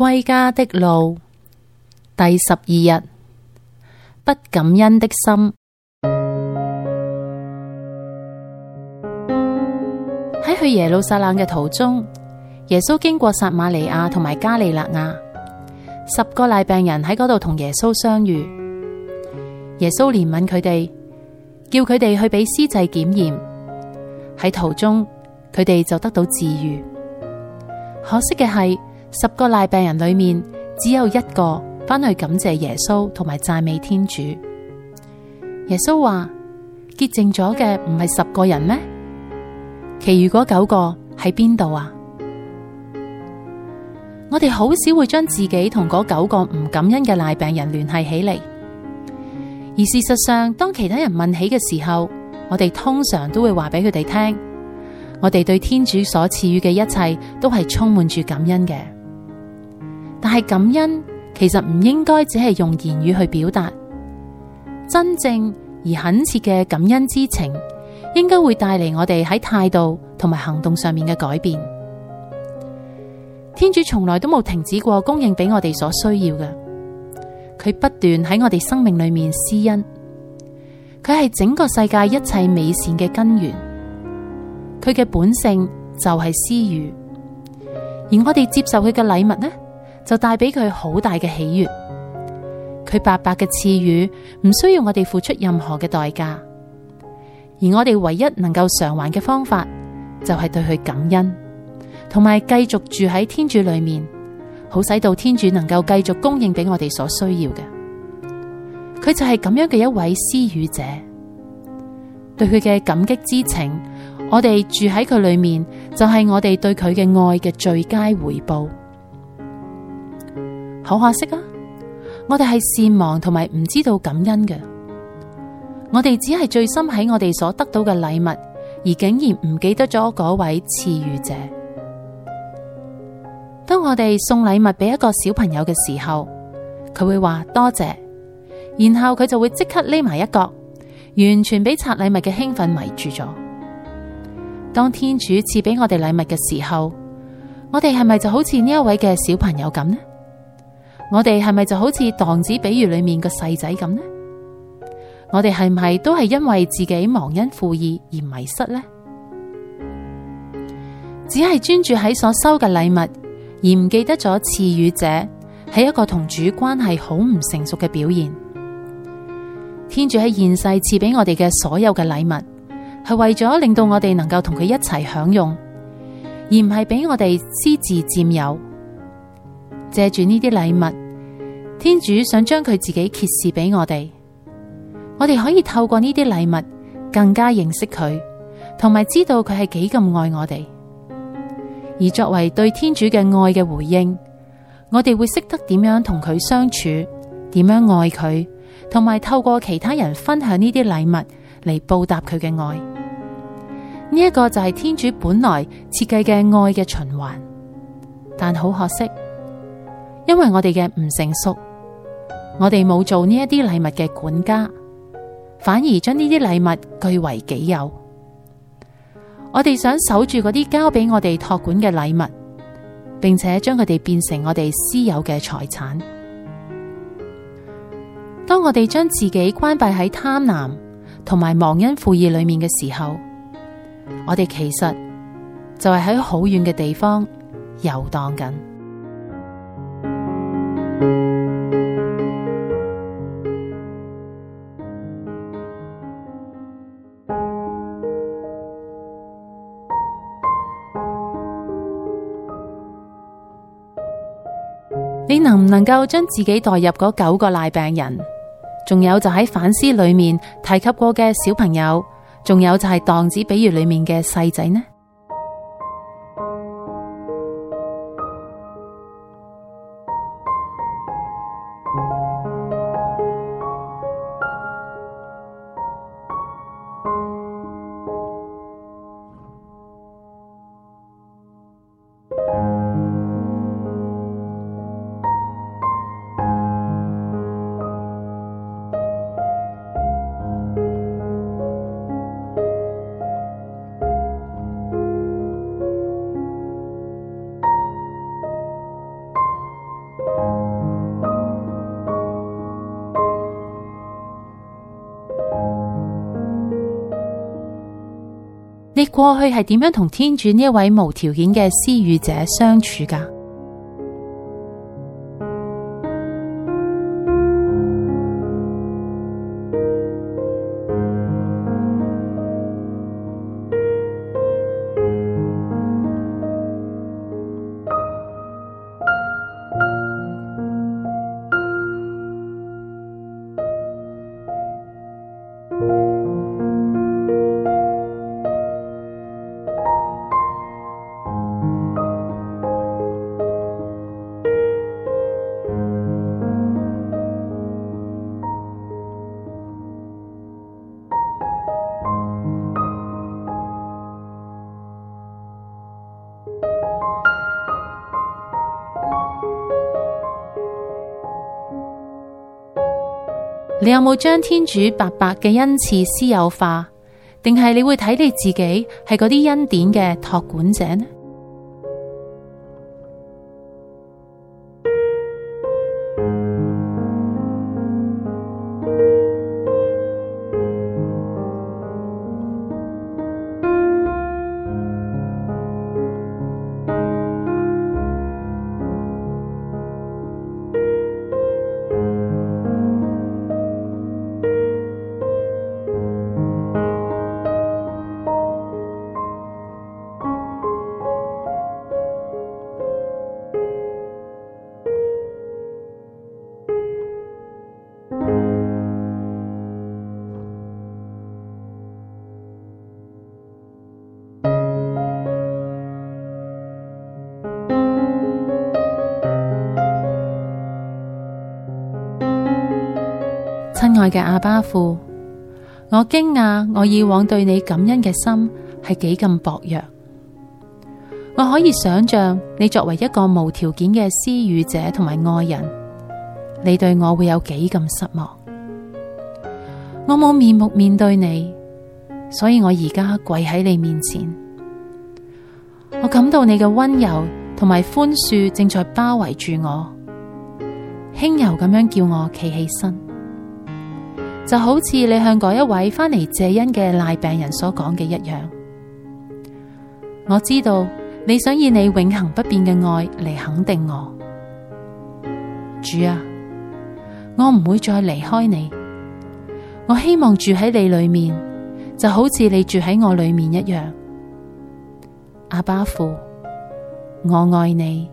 歸家的路，第十二日，不感恩的心。喺 去耶路撒冷嘅途中，耶穌經過撒瑪黎雅同埋加里肋亞，十個癩病人喺嗰度同耶穌相遇。耶穌憐憫佢哋，叫佢哋去俾司祭檢驗。喺途中，佢哋就得到治癒。可惜嘅係。十個癩病人裏面只有一個翻去感謝耶穌同埋讚美天主。耶穌話：潔淨咗嘅唔係十個人咩？其餘嗰九個喺邊度啊？我哋好少會將自己同嗰九個唔感恩嘅癩病人聯繫起嚟。而事實上，當其他人問起嘅時候，我哋通常都會話俾佢哋聽，我哋對天主所賜予嘅一切都係充滿住感恩嘅。但係感恩其實唔應該只係用言語去表達，真正而懇切嘅感恩之情，應該會帶嚟我哋喺態度同埋行動上面嘅改變。天主從來都冇停止過供應俾我哋所需要嘅，佢不斷喺我哋生命裏面施恩，佢係整個世界一切美善嘅根源，佢嘅本性就係施予，而我哋接受佢嘅禮物呢？就帶俾佢好大嘅喜悦，佢白白嘅賜予，唔需要我哋付出任何嘅代價，而我哋唯一能夠償還嘅方法，就係對佢感恩，同埋繼續住喺天主裏面，好使到天主能夠繼續供應俾我哋所需要嘅。佢就係咁樣嘅一位施予者，對佢嘅感激之情，我哋住喺佢裏面，就係我哋對佢嘅愛嘅最佳回報。好可惜啊！我哋係善忘同埋唔知道感恩嘅。我哋只係醉心喺我哋所得到嘅禮物，而竟然唔記得咗嗰位賜予者。當我哋送禮物俾一個小朋友嘅時候，佢會話多謝，然後佢就會即刻匿埋一角，完全俾拆禮物嘅興奮迷住咗。當天主賜俾我哋禮物嘅時候，我哋係咪就好似呢一位嘅小朋友咁呢？我哋係咪就好似蕩子比喻裏面個細仔咁呢？我哋係唔係都係因為自己忘恩負義而迷失呢？只係專注喺所收嘅禮物，而唔記得咗賜予者，係一個同主關係好唔成熟嘅表現。天主喺現世賜俾我哋嘅所有嘅禮物，係為咗令到我哋能夠同佢一齊享用，而唔係俾我哋私自佔有。借住呢啲禮物，天主想將佢自己揭示俾我哋，我哋可以透過呢啲禮物更加認識佢，同埋知道佢係幾咁愛我哋。而作為對天主嘅愛嘅回應，我哋會識得點樣同佢相處，點樣愛佢，同埋透過其他人分享呢啲禮物嚟報答佢嘅愛。呢一個就係天主本來設計嘅愛嘅循環，但好可惜。因為我哋嘅唔成熟，我哋冇做呢一啲禮物嘅管家，反而將呢啲禮物據為己有。我哋想守住嗰啲交俾我哋託管嘅禮物，並且將佢哋變成我哋私有嘅財產。當我哋將自己關閉喺貪婪同埋忘恩負義裏面嘅時候，我哋其實就係喺好遠嘅地方遊蕩緊。你能唔能夠將自己代入嗰九個癩病人？仲有就喺反思裏面提及過嘅小朋友，仲有就係蕩子比喻裏面嘅細仔呢？你過去係點樣同天主呢一位無條件嘅施予者相處噶？你有冇將天主白白嘅恩賜私有化？定係你會睇你自己係嗰啲恩典嘅托管者呢？嘅阿爸父，我驚訝我以往對你感恩嘅心係幾咁薄弱。我可以想象你作為一個無條件嘅施予者同埋愛人，你對我會有幾咁失望。我冇面目面對你，所以我而家跪喺你面前。我感到你嘅溫柔同埋寬恕正在包圍住我，輕柔咁樣叫我企起身。就好似你向嗰一位翻嚟謝恩嘅癩病人所講嘅一樣，我知道你想以你永恒不變嘅愛嚟肯定我，主啊，我唔會再離開你，我希望住喺你裏面，就好似你住喺我裏面一樣。阿爸父，我愛你，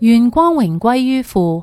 願光榮歸於父。